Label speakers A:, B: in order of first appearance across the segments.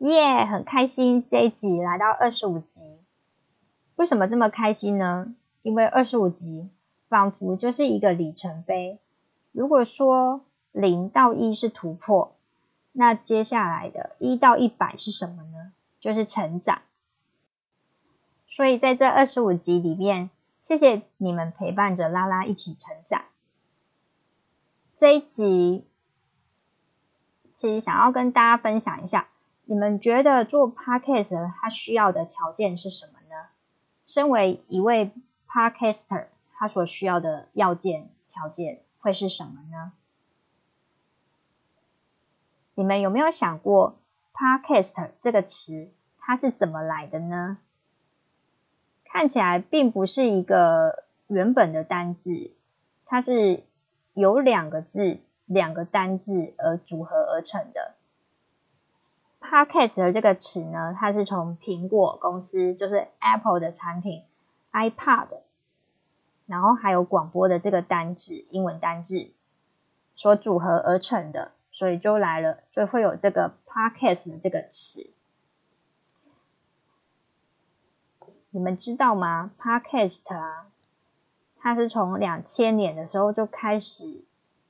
A: 耶、yeah，很開心！這一集來到二十五集，為什麼這麼開心呢？因為二十五集仿佛就是一個里程碑。如果說零到一是突破，那接下來的一到一百是什麼呢？就是成長。所以在這二十五集裡面，謝謝你們陪伴着拉拉一起成長。這一集其實想要跟大家分享一下。你們覺得做 podcast 它需要的條件是什麼呢？身為一位 podcaster，他所需要的要件條件會是什麼呢？你們有沒有想過 podcaster 這個詞它是怎麼來的呢？看起來並不是一個原本的單字，它是由兩個字、兩個單字而組合而成的。Podcast 的這個詞呢，它是從蘋果公司就是 Apple 的產品 iPod，然後還有廣播的這個單字英文單字所組合而成的，所以就來了就會有這個 Podcast 的這個詞。你們知道嗎？Podcast 啊，它是從兩千年的時候就開始，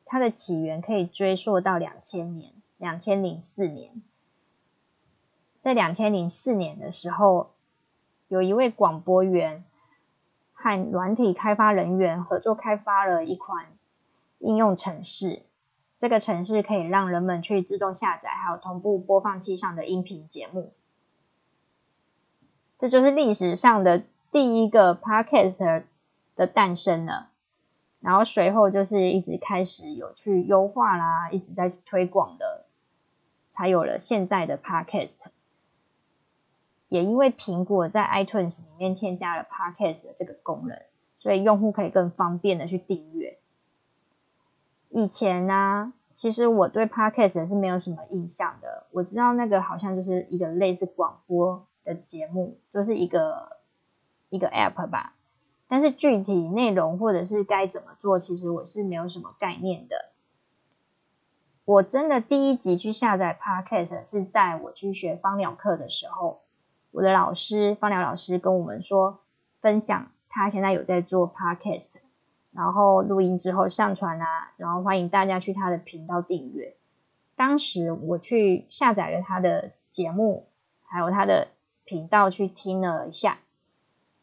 A: 它的起源可以追溯到兩千年兩千零四年。在兩千零四年的時候，有一位廣播員和軟體開發人員合作開發了一款應用程式。這個程式可以讓人們去自動下載還有同步播放器上的音頻節目。這就是歷史上的第一個 Podcast 的誕生了。然後隨後就是一直開始有去優化啦，一直在推廣的，才有了現在的 Podcast。也因為蘋果在 iTunes 裡面添加了 Podcast 的這個功能，所以用戶可以更方便的去訂閱。以前呢、啊，其實我對 Podcast 是沒有什麼印象的。我知道那個好像就是一個類似廣播的節目，就是一個一個 App 吧。但是具體內容或者是該怎麼做，其實我是沒有什麼概念的。我真的第一集去下載 Podcast 是在我去學芳療課的時候。我的老師方遼老師跟我們說，分享他現在有在做 podcast，然後錄音之後上傳啊，然後歡迎大家去他的頻道訂閱。當時我去下載了他的節目，還有他的頻道去聽了一下，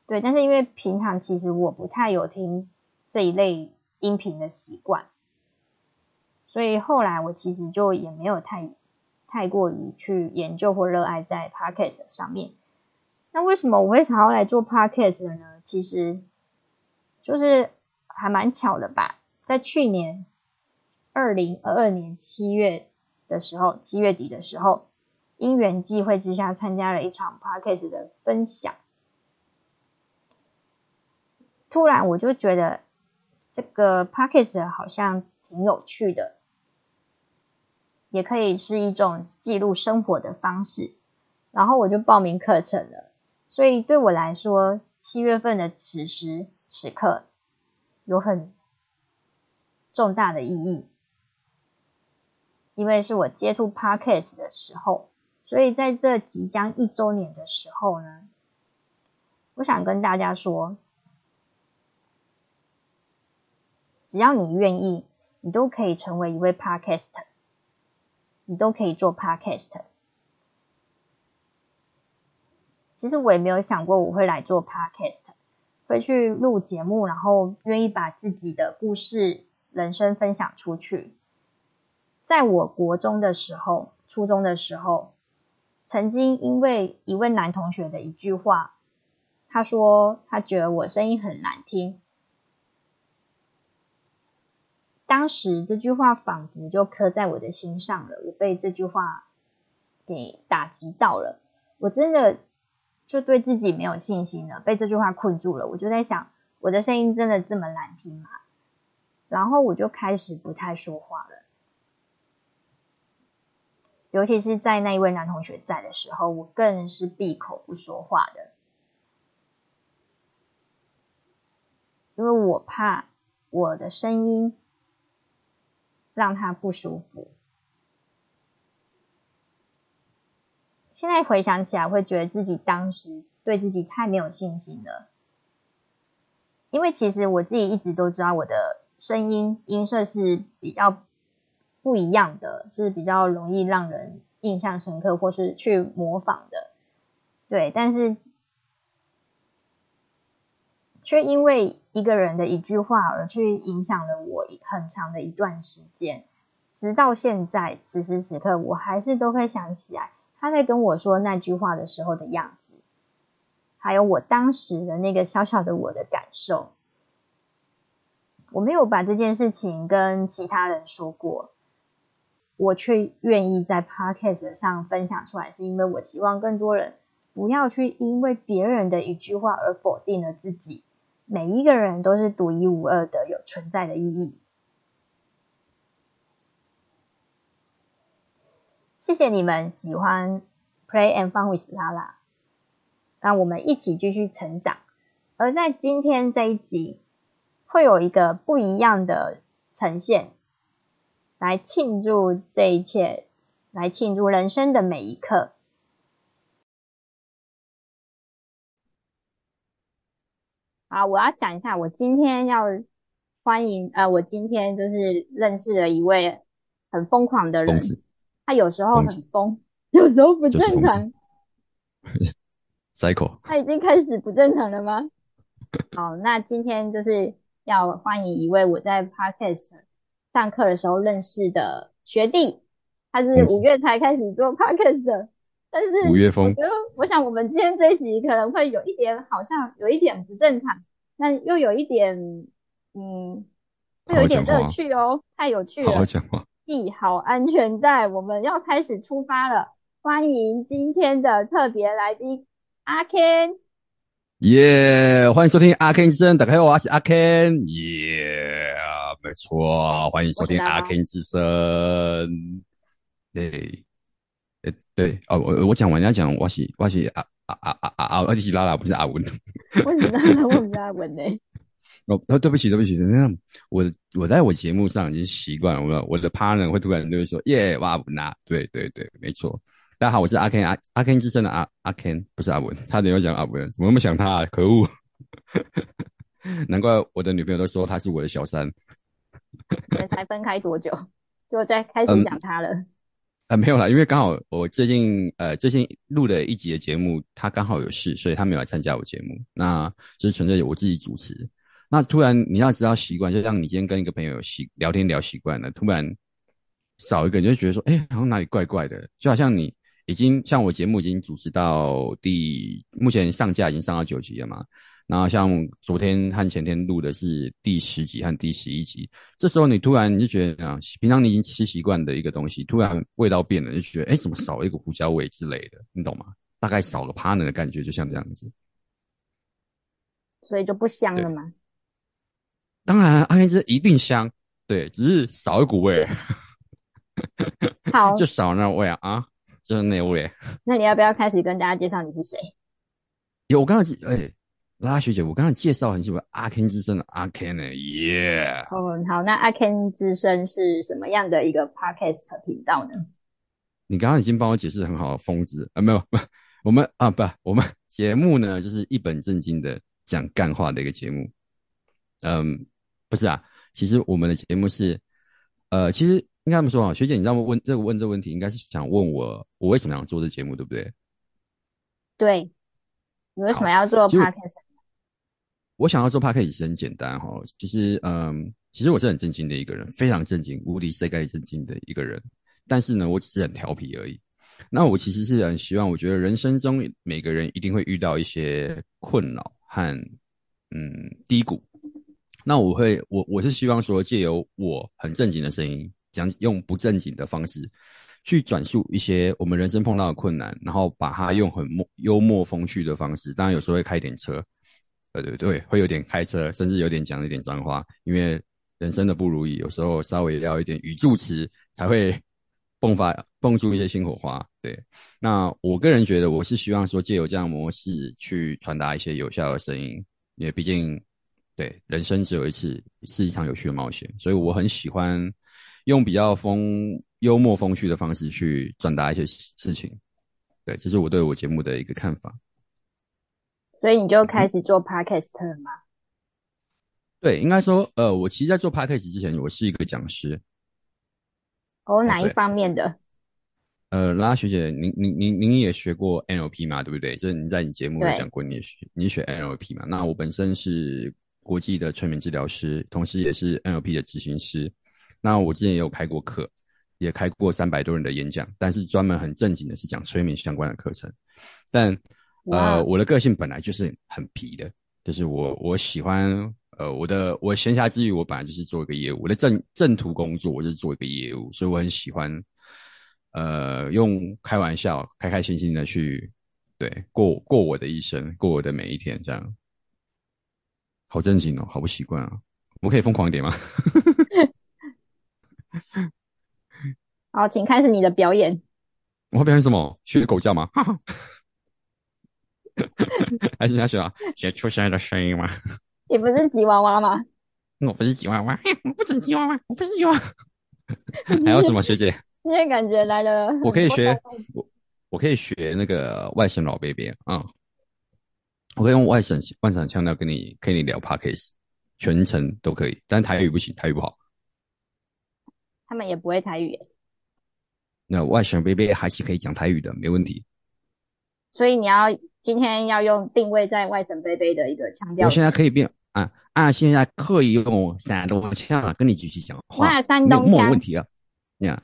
A: 對，但是因為平常其實我不太有聽這一類音頻的習慣，所以後來我其實就也沒有太。太過於去研究或熱愛在 podcast 上面，那為什麼我會想要來做 podcast 呢？其實，就是還蠻巧的吧。在去年二零二二年七月的時候，七月底的時候，因緣際會之下，參加了一場 podcast 的分享，突然我就覺得這個 podcast 好像挺有趣的。也可以是一種記錄生活的方式，然後我就報名課程了。所以對我來說，七月份的此時此刻有很重大的意義，因為是我接觸 Podcast 的時候。所以在這即將一週年的時候呢，我想跟大家說：只要你願意，你都可以成為一位 Podcaster。你都可以做 podcast。其實我也沒有想過我會來做 podcast，會去錄節目，然後願意把自己的故事、人生分享出去。在我國中的時候，初中的時候，曾經因為一位男同學的一句話，他說他覺得我聲音很難聽。當時這句話仿佛就刻在我的心上了，我被這句話給打擊到了，我真的就對自己沒有信心了，被這句話困住了。我就在想，我的聲音真的這麼難聽嗎？然後我就開始不太說話了，尤其是在那一位男同學在的時候，我更是閉口不說話的，因為我怕我的聲音。讓他不舒服。現在回想起來，會覺得自己當時對自己太沒有信心了。因為其實我自己一直都知道，我的聲音音色是比較不一樣的，是比較容易讓人印象深刻或是去模仿的。對，但是，卻因為一個人的一句話而去影響了我很長的一段時間，直到現在，此時此刻，我還是都會想起來他在跟我說那句話的時候的樣子，還有我當時的那個小小的我的感受。我沒有把這件事情跟其他人說過，我卻願意在 Podcast 上分享出來，是因為我希望更多人不要去因為別人的一句話而否定了自己。每一個人都是獨一無二的，有存在的意義。謝謝你們喜歡《Play and Fun with Lala》，讓我們一起繼續成長。而在今天這一集，會有一個不一樣的呈現，來慶祝這一切，來慶祝人生的每一刻。好，我要講一下，我今天要歡迎，呃，我今天就是認識了一位很瘋狂的人，他有時候很瘋，有時候不正常。
B: Psycho。
A: 他已經開始不正常了嗎？好，那今天就是要歡迎一位我在 Podcast 上課的時候認識的學弟，他是五月才開始做 Podcast 的。五月風，我想我們今天這一集可能會有一點好像有一點不正常，但又有一點，嗯，會有一點樂趣哦，好好講話，太有趣了。好好講話，繫好安全帶，我們要開始出發了。歡迎今天的特別來賓阿 Ken，
B: 耶、yeah, yeah,！歡迎收聽阿 Ken 之聲，大家好，我是阿 Ken，耶，沒錯，歡迎收聽阿 Ken 之聲，對。對哦，我我講，我人家講，我是我是阿阿阿阿阿阿，我是拉、啊、拉，啊啊啊、是 Lala，不是
A: 阿文。 我是拉拉，
B: 我不是阿文呢。哦，對不起，對不起，這樣，我我在我節目上已經習慣，我我的 partner 會突然就會說耶哇那，對對對，沒錯。大家好，我是阿 Ken 阿阿 Ken 之聲的阿阿 Ken，不是阿文，差點又講阿文，怎麼那麼想他啊？可惡！ 難怪我的女朋友都說他是我的小三。 你
A: 們才分開多久，就在開始想他了。嗯
B: 啊、呃，沒有啦，因為剛好我最近呃，最近錄了一集的節目，他剛好有事，所以他沒有來參加我節目。那就是純粹是我自己主持。那突然你要知道習慣，就像你今天跟一個朋友習聊天聊習慣了，突然少一個人就覺得說，哎、欸，好像哪裡怪怪的，就好像你已經像我節目已經主持到第目前上架已經上到九集了嘛。然後像昨天和前天錄的是第十集和第十一集，這時候你突然你就覺得啊，平常你已經吃習慣的一個東西，突然味道變了，就覺得哎，怎麼少了一股胡椒味之類的？你懂嗎？大概少了趴能的感覺，就像這樣子。
A: 所以就不香了嗎？
B: 當然阿 Ken、啊，這一定香，對，只是少一股味， 好，就少那味啊，啊就是那味。
A: 那你要不要開始跟大家介紹你是誰？
B: 有，我剛剛哎。誒拉、啊、學姐，我剛剛介紹很喜歡阿 Ken 之聲的阿 Ken 耶。嗯、yeah! oh，
A: 好，那阿 Ken 之聲是什麼樣的一個 Podcast 頻道
B: 呢？你剛剛已經幫我解釋很好的風、瘋子啊，沒有我們、啊、不，我們啊不，我們節目呢就是一本正經的講幹話的一個節目。嗯，不是啊，其實我們的節目是，呃，其實應該這麼說啊，學姐，你讓我問這個問這個問題，應該是想問我我為什麼要做這節目，對不對？對，你為什麼要
A: 做 Podcast？
B: 我想要做 p o 也 c t 是很簡單哈，其實，嗯，其實我是很正經的一個人，非常正經，無敵世界正經的一個人。但是呢，我只是很調皮而已。那我其實是很希望，我覺得人生中每個人一定會遇到一些困擾和，嗯，低谷。那我會，我我是希望說，借由我很正經的聲音，講用不正經的方式，去轉述一些我們人生碰到的困難，然後把它用很幽默風趣的方式，當然有時候會開一點車。對對對，會有點開車，甚至有點講一點髒話，因為人生的不如意，有時候稍微聊一點語助詞，才會迸發迸出一些新火花。對，那我個人覺得，我是希望說借由這樣的模式去傳達一些有效的聲音，因為畢竟對人生只有一次，是一場有趣的冒險，所以我很喜歡用比較風，幽默風趣的方式去傳達一些事情。對，這是我對我節目的一個看法。所以你就開始做 podcaster 了嗎、嗯？對，應該說，呃，我其實在做 podcast 之前，我是一個講師。
A: 哦、oh，哪一方面的？
B: 呃，拉拉學姐，您、您、您、您也學過 NLP 嘛？對不對？就是你在你節目裡講過，你也學你學 NLP 嘛？那我本身是國際的催眠治療師，同時也是 NLP 的執行師。那我之前也有開過課，也開過三百多人的演講，但是專門很正經的是講催眠相關的課程，但。呃，我的個性本來就是很皮的，就是我我喜歡，呃，我的我閒暇之餘我本來就是做一個業務，我的正正途工作我就是做一個業務，所以我很喜歡，呃，用開玩笑，開開心心的去對過過我的一生，過我的每一天，這樣。好正經哦，好不習慣啊、哦，我們可以瘋狂一點嗎？
A: 好，請開始你的表演。
B: 我表演什麼？學狗叫嗎？ 還是要學學出生的聲音嗎？
A: 你不是吉娃娃嗎？
B: 我不是吉娃娃，
A: 我不整吉娃娃，我不是吉娃娃。
B: 還有什麼學姐？
A: 今 天感覺來了，我可以學
B: 我，我可以學那個外省老 baby 啊、嗯，我可以用外省外省腔調跟你跟你聊 podcast，全程都可以，但台語不行，台語不好。
A: 他們也不會台語。
B: 那、no, 外省 baby 還是可以講台語的，沒問題。
A: 所以你要。今天要用定位在外省伯伯的一個腔調，我現在
B: 可以變，按、啊、按現在可以用山東腔跟你繼續講話，嗯、沒，有沒有問題啊。你、嗯、看，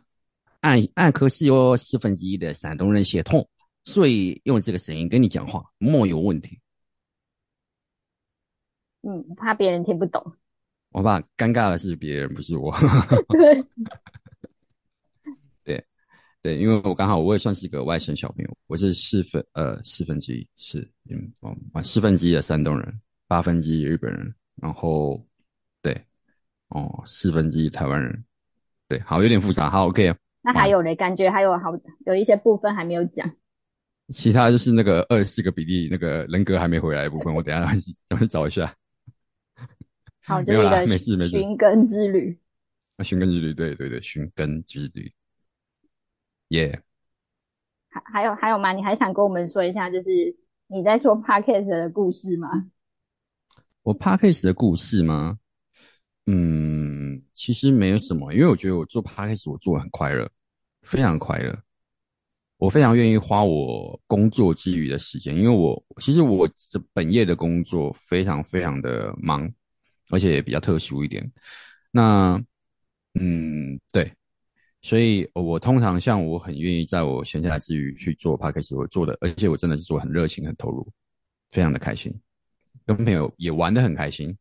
B: 按按可是有四分之一的山東人血統，所以用這個聲音跟你講話沒有問題、啊嗯。嗯，
A: 怕別人聽不懂。
B: 我怕尷尬的是別人，不是我。 對。對，因為我剛好我也算是一個外省小朋友，我是四分呃四分之一是嗯哦四分之一的山東人，八分之一的日本人，然後對哦四分之一台灣人，對，好有點複雜，好 OK。那還有呢、
A: 嗯，感覺還有好有一些部分還沒有講。
B: 其他就是那個二十四個比例那個人格還沒回來的部分，我等一下咱們 找一下。 好，就一
A: 個尋根之旅。
B: 啊，尋根，根之旅，對對對，尋根之旅。耶、yeah，還
A: 還有還有嗎？你還想跟我們說一下，就是你在做 podcast 的故事嗎？
B: 我 podcast 的故事嗎？嗯，其實沒有什麼，因為我覺得我做 podcast 我做得很快樂，非常快樂。我非常願意花我工作之餘的時間，因為我其實我這本業的工作非常非常的忙，而且也比較特殊一點。那，嗯，對。所以，我通常像我很願意在我閒下來之餘去做 podcast，我做的，而且我真的是做很熱情、很投入，非常的開心，跟朋友也玩的很開心。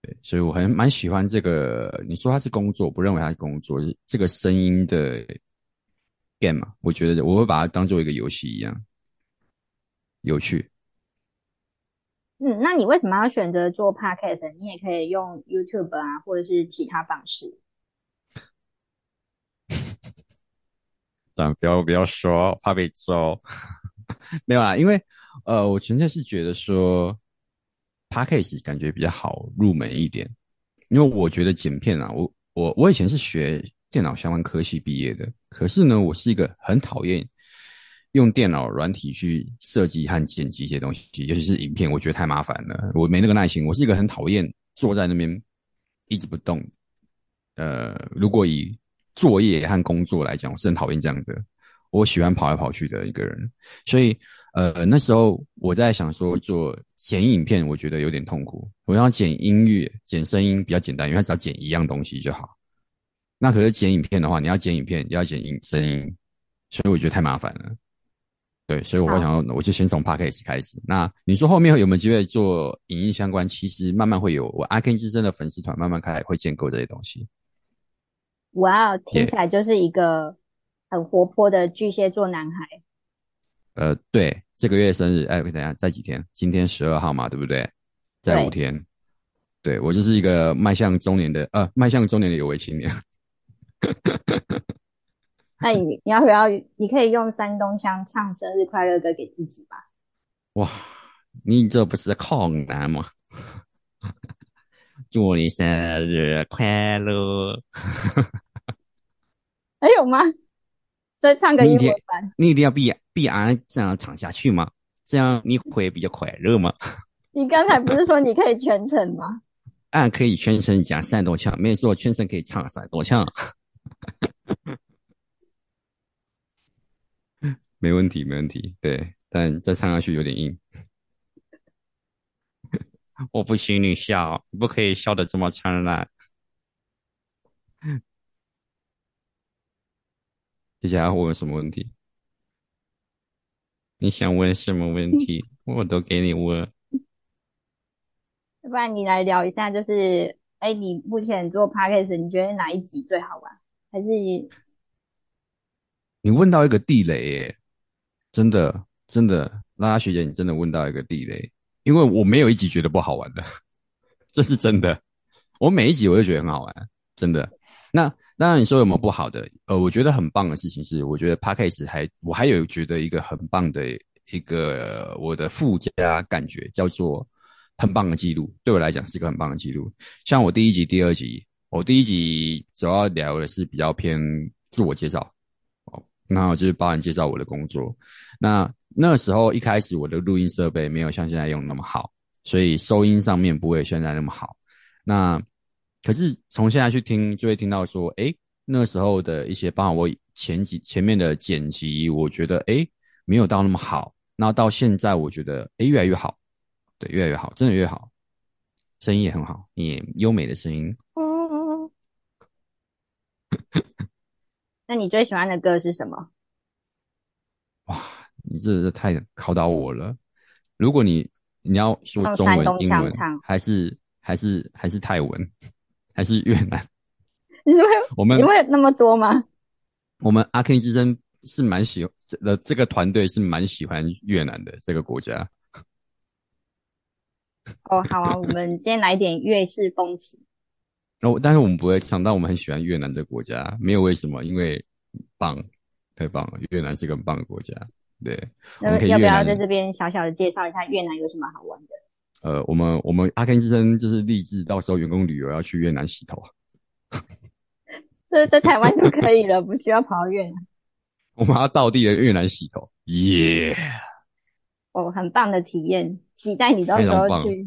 B: 對，所以我還蠻喜歡這個。你說它是工作，我不認為它是工作，這個聲音的 game 嘛，我覺得我會把它當做一個遊戲一樣，有趣。
A: 嗯，那你為什麼要選擇做 podcast？你也可以用 YouTube 啊，或者是其他方式。
B: 不要不要說，怕被揍。 沒有啊！因為呃，我純粹是覺得說 Podcast 感覺比較好入門一點。因為我覺得剪片啊，我我我以前是學電腦相關科系畢業的，可是呢，我是一個很討厭用電腦軟體去設計和剪輯一些東西，尤其是影片，我覺得太麻煩了，我沒那個耐心。我是一個很討厭坐在那邊一直不動。呃，如果以作業和工作來講，我是很討厭這樣的。我喜歡跑來跑去的一個人，所以，呃，那時候我在想說，做剪影片，我覺得有點痛苦。我要剪音樂、剪聲音比較簡單，因為他只要剪一樣東西就好。那可是剪影片的話，你要剪影片，你要剪音聲音，所以我覺得太麻煩了。對，所以我會想要，我就先從 Podcast 開始。那你說後面有沒有機會做影音相關？其實慢慢會有，我阿 Ken 之聲的粉絲團慢慢開始會建構這些東西。
A: 哇、wow, yeah, 聽起來就是一個很活潑的巨蟹座男孩。
B: 呃，對，這個月生日，哎，等一下再幾天，今天十二號嘛，對不對？再五天。對，對我就是一個邁向中年的呃，邁向中年的有為青年。
A: 那你你要不要？你可以用山東腔唱生日快樂歌給自己吧。
B: 哇，你這不是在靠男嗎？ 祝你生日快樂 ！
A: 還有嗎？再唱個英文
B: 版你。你一定要比比俺這樣唱下去嗎？這樣你會比較快樂嗎？
A: 你剛才不是說你可以全程嗎？
B: 俺 可以全程加山東腔。沒錯，全程可以唱山東腔。沒問題，沒問題。對，但再唱下去有點硬。我不許你笑，不可以笑得這麼燦爛。接下來我問什麼問題？你想問什麼問題， 我都給你問。
A: 要 不然你來聊一下，就是，哎，你目前做 podcast，你覺得哪一集最好玩？還是？
B: 你問到一個地雷，真的，真的，拉拉學姐，你真的問到一個地雷。因為我沒有一集覺得不好玩的，這是真的。我每一集我就覺得很好玩，真的。那當然你說有沒有不好的？呃，我覺得很棒的事情是，我覺得 podcast 還我還有覺得一個很棒的一個我的附加感覺叫做很棒的記錄，對我來講是一個很棒的記錄。像我第一集、第二集，我第一集主要聊的是比較偏自我介紹，哦，那我就是幫你介紹我的工作，那。那時候一開始我的錄音設備沒有像現在用那麼好，所以收音上面不會現在那麼好。那可是從現在去聽就會聽到說，哎、欸，那時候的一些，包括我前幾前面的剪輯，我覺得哎、欸，沒有到那麼好。那到現在我覺得哎、欸，越來越好，對，越來越好，真的越好，聲音也很好，也優美的聲音。
A: 哦。 那你最喜歡的歌是什麼？
B: 哇。你真的是太考倒我了！如果你你要說中文、山東英文，還是還是還是泰文，還是越南？你怎麼我們？你
A: 會有那麼多嗎？
B: 我們阿 Ken 之聲是蠻喜呃這個團隊是蠻喜歡越南的這個國家。哦，
A: 好啊，我們今天來點越式風情。
B: 然、 哦、但是我們不會想到我們很喜歡越南這個國家，沒有為什麼，因為棒，太棒了！越南是一個很棒的國家。對，那、呃、要不要在這
A: 邊小小的介紹一下越南有什麼好玩
B: 的？呃，我們我們阿 Ken 之聲就是立志到時候員工旅遊要去越南洗頭、啊
A: 這，這在台灣就可以了， 不需要跑到越南。
B: 我們要到地的越南洗頭，耶、yeah！
A: 哦，很棒的體驗，期待你到時候去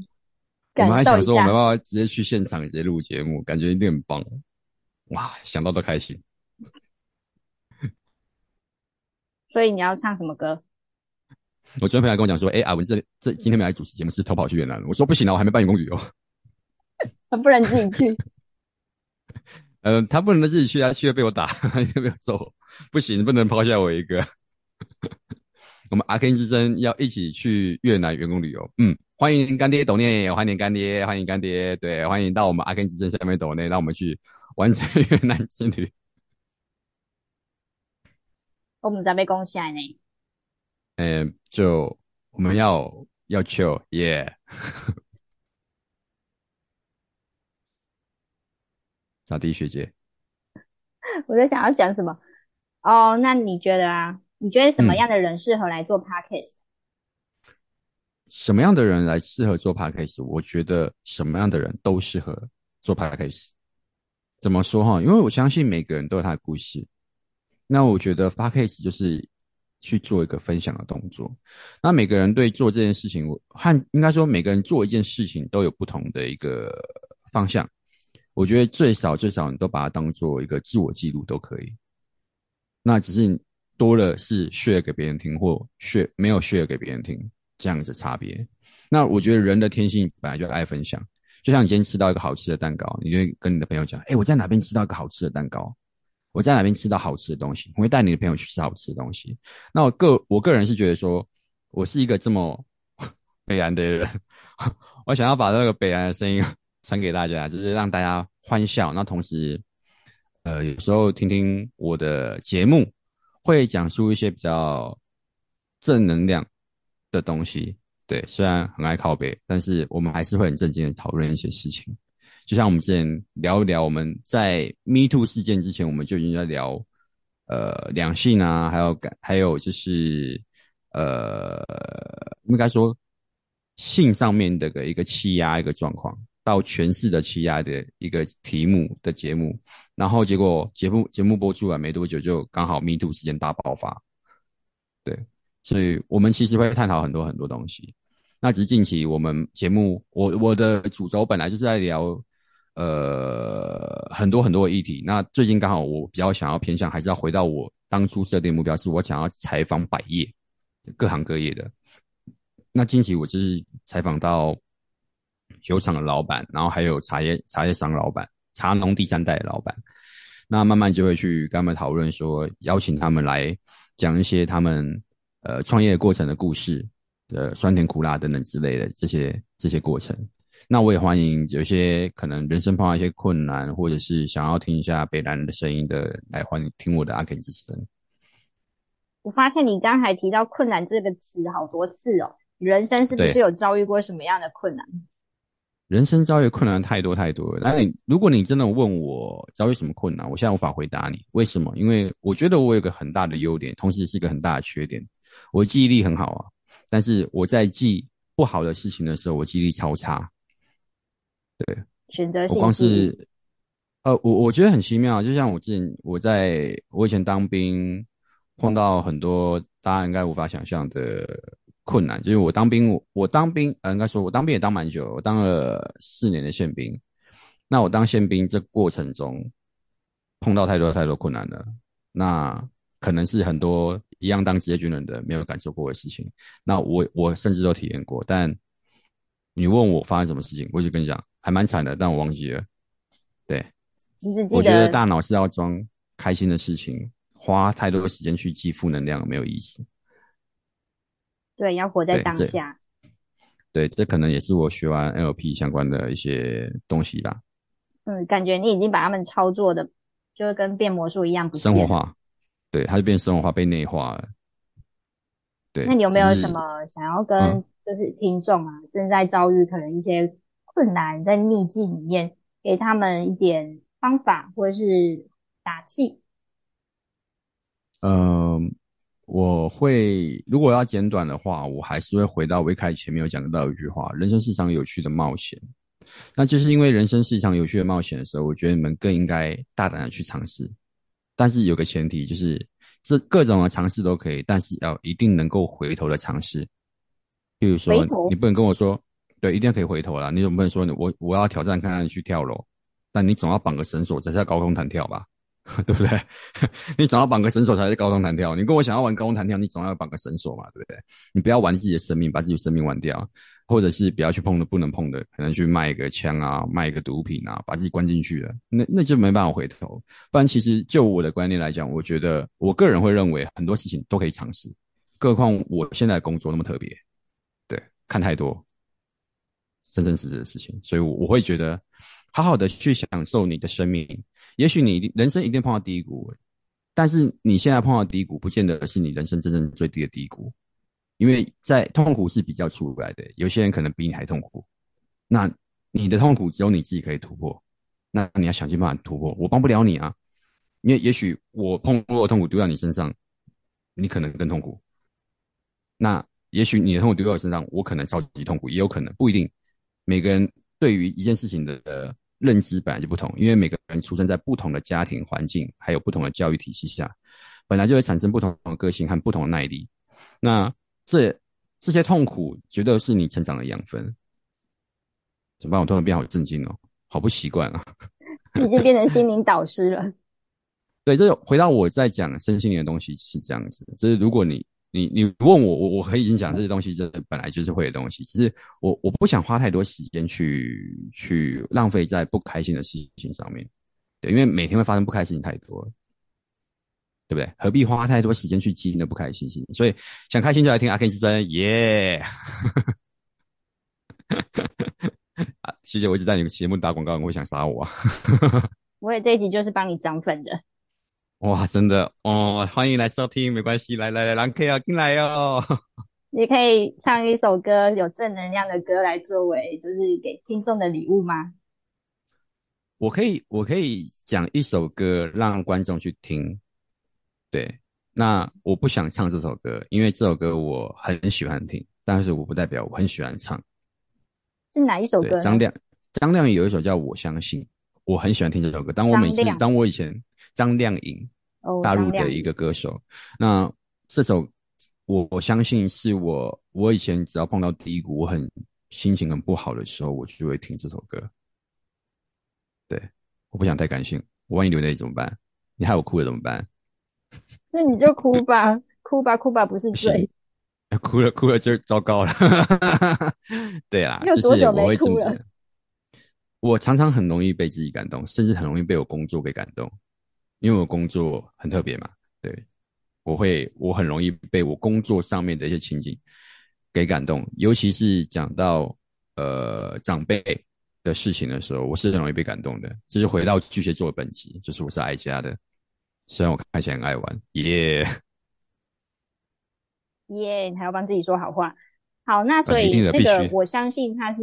A: 感
B: 受
A: 一下。我還想說，我們
B: 要，要直接去現場直接錄節目，感覺一定很棒。哇，想到都開心。
A: 所
B: 以你要唱什麼歌？我昨天朋友跟我講說，誒阿文這這今天沒來主持節目，是偷跑去越南的。我說不行了、啊，我還沒辦員工旅遊 、
A: 啊 呃，他不能自己去。
B: 呃他不能自己去，他去了被我打，有沒要揍我受？不行，不能拋下我一個。 我們阿 Ken 之聲要一起去越南員工旅遊。嗯，歡迎乾爹抖內，歡迎乾爹，歡迎乾爹，對，歡迎到我們阿 Ken 之聲下面抖內，讓我們去完成越南之旅。
A: 我們準備恭喜你。
B: 嗯、欸，就我們要要求耶，yeah。第 迪學姐，
A: 我在想要講什麼哦？Oh, 那你覺得啊？你覺得什麼樣的人適合來做 podcast？嗯、
B: 什麼樣的人來適合做 podcast？我覺得什麼樣的人都適合做 podcast。怎麼說哈？因為我相信每個人都有他的故事。那我覺得 podcast 就是去做一個分享的動作。那每個人對做這件事情，我看應該說每個人做一件事情都有不同的一個方向。我覺得最少最少，你都把它當做一個自我記錄都可以。那只是多了是 share 給別人聽，或 share 沒有 share 給別人聽這樣子差別。那我覺得人的天性本來就愛分享，就像你今天吃到一個好吃的蛋糕，你就會跟你的朋友講：“哎，我在哪邊吃到一個好吃的蛋糕。”我在哪邊吃到好吃的東西，我會帶你的朋友去吃好吃的東西。那我個我個人是覺得說，我是一個這麼北安的人，我想要把這個北安的聲音傳給大家，就是讓大家歡笑。那同時，呃，有時候聽聽我的節目，會講述一些比較正能量的東西。對，雖然很愛靠北，但是我們還是會很正經的討論一些事情。就像我們之前聊一聊，我們在 Me Too 事件之前，我們就已經在聊，呃，兩性啊，還有感，還有就是，呃，應該說性上面的一個一個氣壓、一個狀況，到全市的氣壓的一個題目的節目，然後結果節目節目播出來沒多久，就剛好 Me Too 事件大爆發，對，所以我們其實會探討很多很多東西。那只是近期我們節目，我我的主軸本來就是在聊。呃，很多很多的議題。那最近剛好我比較想要偏向，還是要回到我當初設定目標，是我想要採訪百業，各行各業的。那近期我就是採訪到酒廠的老板，然後還有茶葉茶葉商老板、茶農第三代的老板。那慢慢就會去跟他們討論，說邀請他們來講一些他們呃創業過程的故事，呃酸甜苦辣等等之類的這些這些過程。那我也歡迎有些可能人生碰到一些困難，或者是想要聽一下北南人的聲音的，來歡迎聽我的阿 Ken 之聲。
A: 我發現你剛才提到“困難”這個詞好多次哦，人生是不是有遭遇過什麼樣的困難？
B: 人生遭遇困難太多太多了。哎，如果你真的問我遭遇什麼困難，我現在無法回答你。為什麼？因為我覺得我有個很大的優點，同時是一個很大的缺點。我記憶力很好啊，但是我在記不好的事情的時候，我記憶力超差。對，
A: 選擇性。我光是，
B: 呃，我我覺得很奇妙。就像我之前，我在我以前當兵，碰到很多大家應該無法想象的困難。就是我當兵，我我當兵，呃，應該說，我當兵也當蠻久，我當了四年的憲兵。那我當憲兵這過程中，碰到太多太多困難了。那可能是很多一樣當職業軍人的沒有感受過的事情。那我我甚至都體驗過。但你問我發生什麼事情，我就跟你講。還蠻慘的，但我忘記了。對，你只記得。我覺得大腦是要裝開心的事情，花太多的時間去記負能量沒有意思。
A: 對，要活在當下
B: 對。對，這可能也是我學完 LP 相關的一些東西吧。嗯，
A: 感覺你已經把他們操作的，就跟變魔術一樣不，生活化。
B: 對，它就變生活化，被內化了。對，那你有沒有什麼
A: 想要跟是、就是嗯、就是聽眾啊，正在遭遇可能一些？困難在逆境裡面，給他們一點方法或者是打氣。嗯、
B: 呃，我會如果要簡短的話，我還是會回到我一開始前面有講到的一句話：人生是場有趣的冒險。那就是因為人生是一場有趣的冒險的時候，我覺得你們更應該大膽的去嘗試。但是有個前提就是，這各種的嘗試都可以，但是要一定能夠回頭的嘗試。比如說，你不能跟我說。對，一定要可以回頭了。你總不能說你，我我要挑戰看，看看你去跳樓，但你總要綁個繩索，才是要高空彈跳吧？對不對？ 你總要綁個繩索，才是高空彈跳。你跟我想要玩高空彈跳，你總要綁個繩索嘛，對不對？你不要玩自己的生命，把自己的生命玩掉，或者是不要去碰的不能碰的，可能去賣一個槍啊，賣一個毒品啊，把自己關進去了，那那就沒辦法回頭。不然，其實就我的觀念來講，我覺得我個人會認為很多事情都可以嘗試，何況我現在工作那麼特別，對，看太多。生生死死的事情，所以我，我我會覺得，好好的去享受你的生命。也許你人生一定碰到低谷，但是你現在碰到低谷，不見得是你人生真正最低的低谷，因為在痛苦是比較出來的。有些人可能比你還痛苦，那你的痛苦只有你自己可以突破，那你要想盡辦法突破。我幫不了你啊，因為也許我碰到的痛苦丟到你身上，你可能更痛苦。那也許你的痛苦丟到我身上，我可能超級痛苦，也有可能不一定。每個人對於一件事情的認知本來就不同，因為每個人出生在不同的家庭環境，還有不同的教育體系下，本來就會產生不同的個性和不同的耐力。那這這些痛苦，絕對是你成長的養分。怎麼辦？我突然變好震驚哦，好不習慣啊，
A: 已經變成心靈導師了。
B: 對，這回到我在講身心靈的東西是這樣子，就是如果你你你問我，我我可以已經講這些東西，這本來就是會的東西。其實我我不想花太多時間去去浪費在不開心的事情上面，對，因為每天會發生不開心太多，對不對？何必花太多時間去記的不開心事情？所以想開心就來聽阿 Ken 之聲，耶、yeah! 啊，謝謝我一直在你們節目打廣告，你會想殺我？
A: 啊！ 我也這一集就是幫你漲粉的。
B: 哇，真的哦！歡迎來收聽，沒關係，來來來，讓 Ken 要進來喲、哦。 你可
A: 以唱一首歌，有正能量的歌來作為就是給聽眾的禮物嗎？
B: 我可以，我可以講一首歌讓觀眾去聽。對，那我不想唱這首歌，因為這首歌我很喜歡聽，但是我不代表我很喜歡唱。
A: 是哪一首歌？張靚，
B: 張靚穎有一首叫《我相信》。我很喜歡聽這首歌，當我每次，當我以前，張靚穎，oh, 大陸的一個歌手，那這首，我我相信是我，我以前只要碰到低谷，我很心情很不好的時候，我就會聽這首歌。對，我不想太感性，我萬一流淚怎麼辦？你害我哭了怎麼辦？
A: 那你就
B: 哭吧， 哭吧，哭吧，不是罪。哭了哭了，就糟糕了。 對啊，就是我會哭了。我常常很容易被自己感動，甚至很容易被我工作給感動，因為我工作很特別嘛。對，我會我很容易被我工作上面的一些情景給感動，尤其是講到呃長輩的事情的時候，我是很容易被感動的。這是回到巨蟹座的本質，就是我是愛家的，雖然我看起來很愛玩，耶耶，你還要幫自己說好話。好，那
A: 所以，嗯，那個我相信他是。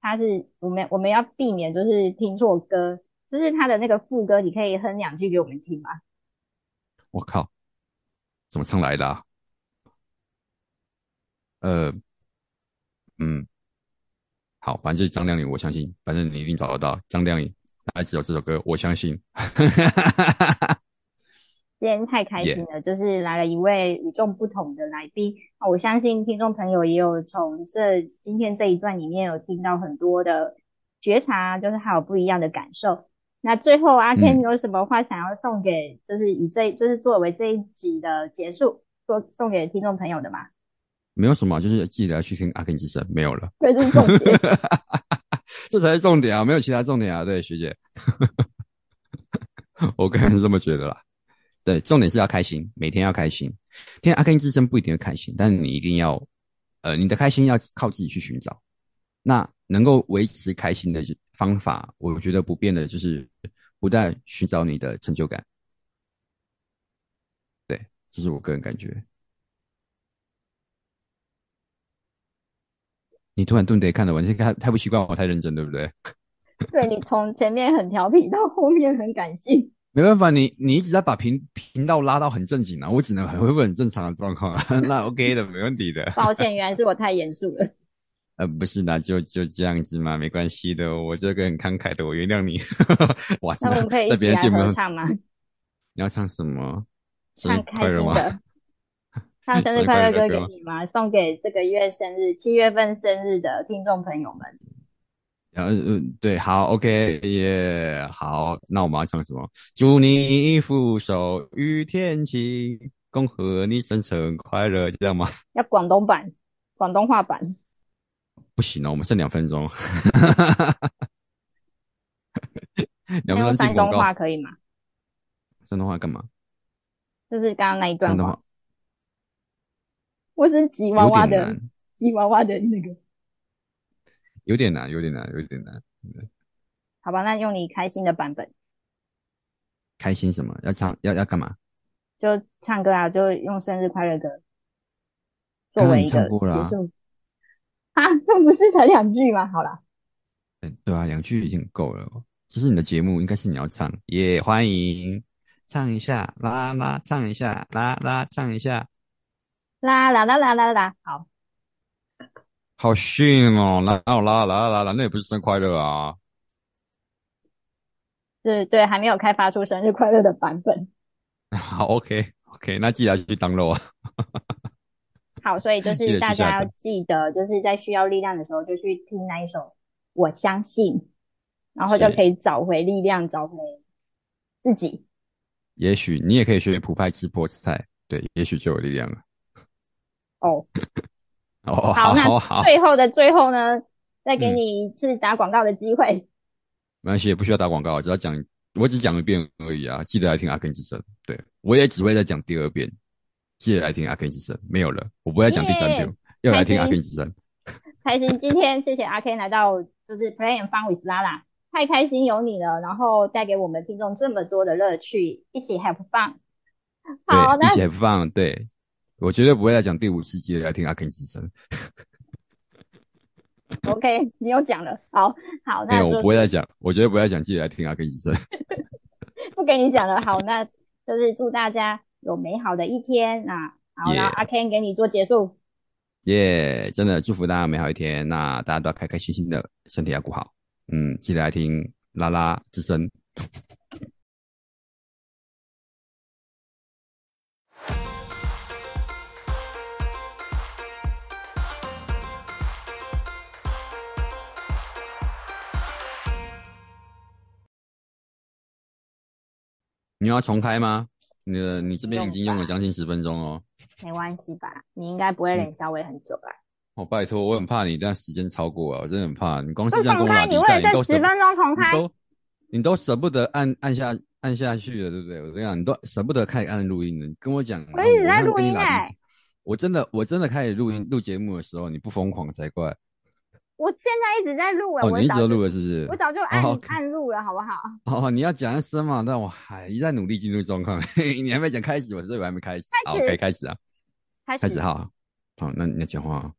A: 他是我們我們要避免就是聽錯歌，就是他的那個副歌，你可以哼兩句給我們聽嗎？
B: 我靠，怎麼唱來的啊？呃，嗯，好，反正張靚穎，我相信，反正你一定找得到張靚穎，來只有這首歌，我相信。
A: 今天太開心了，yeah. 就是來了一位與眾不同的來賓。我相信聽眾朋友也有從這今天這一段裡面有聽到很多的覺察，就是還有不一樣的感受。那最後阿 Ken、嗯啊、有什麼話想要送給，就是以這就是作為這一集的結束，說送給聽眾朋友的嗎？
B: 沒有什麼，就是記得要去聽阿 Ken 之聲，沒有了。對，這、就是重點。 這才是重點啊！沒有其他重點啊。對，學姐， 我個人是這麼覺得啦。嗯對，重點是要開心，每天要開心。聽阿 Ken 之聲不一定會開心，但是你一定要，呃，你的開心要靠自己去尋找。那能夠維持開心的方法，我覺得不變的就是不斷尋找你的成就感。對，這、就是我個人感覺。你突然頓得看得完，這太太不習慣我太認真，對不對？
A: 對，你從前面很調皮到後面很感性。
B: 沒辦法，你你一直在把頻頻道拉到很正經啊，我只能回復很正常的狀況啊，那 OK 的，沒問題的。 抱歉，
A: 原來是我太嚴肅了。
B: 呃，不是啦，就就這樣子嘛，沒關係的，我這個很慷慨的，我原諒你。晚上我們可以在別的節目上唱嗎？你要唱什麼？生日快樂嗎唱？唱生日快樂歌給你嗎，歌
A: 嗎？送給這個月生日，七月份生日的聽眾朋友們。
B: 然後嗯對，好，OK 耶，yeah，好，那我們要唱什麼？祝你福壽與天齊，恭賀你生辰快樂，知道嗎？
A: 要廣東版，廣東話版。
B: 不行了，哦，我們剩兩分鐘。 兩分鐘用山東話可以嗎？山東話幹嘛？
A: 就是剛剛那一段話。東話？我是吉娃娃的吉娃娃的那個。
B: 有點難,有點難，有點難，有
A: 點難。好吧，那用你開心的版本。
B: 開心什麼？要唱？要要幹嘛？
A: 就唱歌啊！就用《生日快樂歌》
B: 作為一個結束。剛
A: 剛啊，那不是才兩句嗎？好了。
B: 對啊兩句已經夠了。這是你的節目應該是你要唱，也、yeah, 歡迎唱一下啦啦，唱一下啦啦，唱一下
A: 啦啦啦啦啦啦,啦，好。
B: 好遜哦，那我拉拉拉拉那也不是生日快樂啊。
A: 是，對，還沒有開發出生日快樂的版本。
B: 好，OK，OK，、okay, okay, 那記得要去 download 啊。
A: 好，所以就是大家要記得，就是在需要力量的時候，就去聽那一首《我相信》，然後就可以找回力量，找回自己。
B: 也許你也可以學卜派吃菠菜，對，也許就有力量了。哦、oh.。Oh, 好，好、oh，那最
A: 後的最後呢，oh, 再給你一次打廣告的機會。嗯，
B: 沒關係，不需要打廣告，只要講，我只講一遍而已啊！記得來聽阿 Ken 之聲。對，我也只會再講第二遍，記得來聽阿 Ken 之聲。沒有了，我不會再講第三遍，yeah, 要來聽阿 Ken 之聲。開
A: 心， 開心，今天謝謝阿 Ken 來到，就是 Play and Fun with Lala，太開心有你了，然後帶給我們聽眾這麼多的樂趣，一起 Have Fun。好，一起 Have
B: Fun。對。我絕對不會再講第五次記得要聽阿 Ken 之聲
A: OK，你又講了，好好，那我不會再
B: 講，我絕對不會再講，記得要聽阿 Ken 之聲
A: 不跟你講了，好，那就是祝大家有美好的一天啊！好，然後、yeah. 阿 Ken 給你做結束。
B: 耶、yeah,，真的祝福大家美好一天。那大家都要開開心心的，身體要顧好。嗯，記得來聽拉拉之聲。你要重開嗎？你的你這邊已經用了將近十分鐘哦，沒
A: 關係吧？你應該不會連稍微很
B: 久吧？哦，拜托，我很怕你，這樣時間超過啊，我真的很怕。你光想開，你為了這十分鐘重開？你都捨不得按按下按下去了，對不對？我跟你講，你都捨不得開按錄音了。你跟我講，我一直在錄音欸，我。我真的，我真的開始錄音錄節目的時候，你不瘋狂才怪。
A: 我現在一直在錄啊，
B: 哦，我你一直都錄了，是不是？我早就暗
A: 暗錄
B: 了，好不好？好，哦，你要講一聲嘛，但我還一再努力進入狀況。嘿 你還沒講開始，我這會還沒開始。開始，可以，okay, 開始啊。開始，
A: 開始好，
B: 好，那你要講話啊。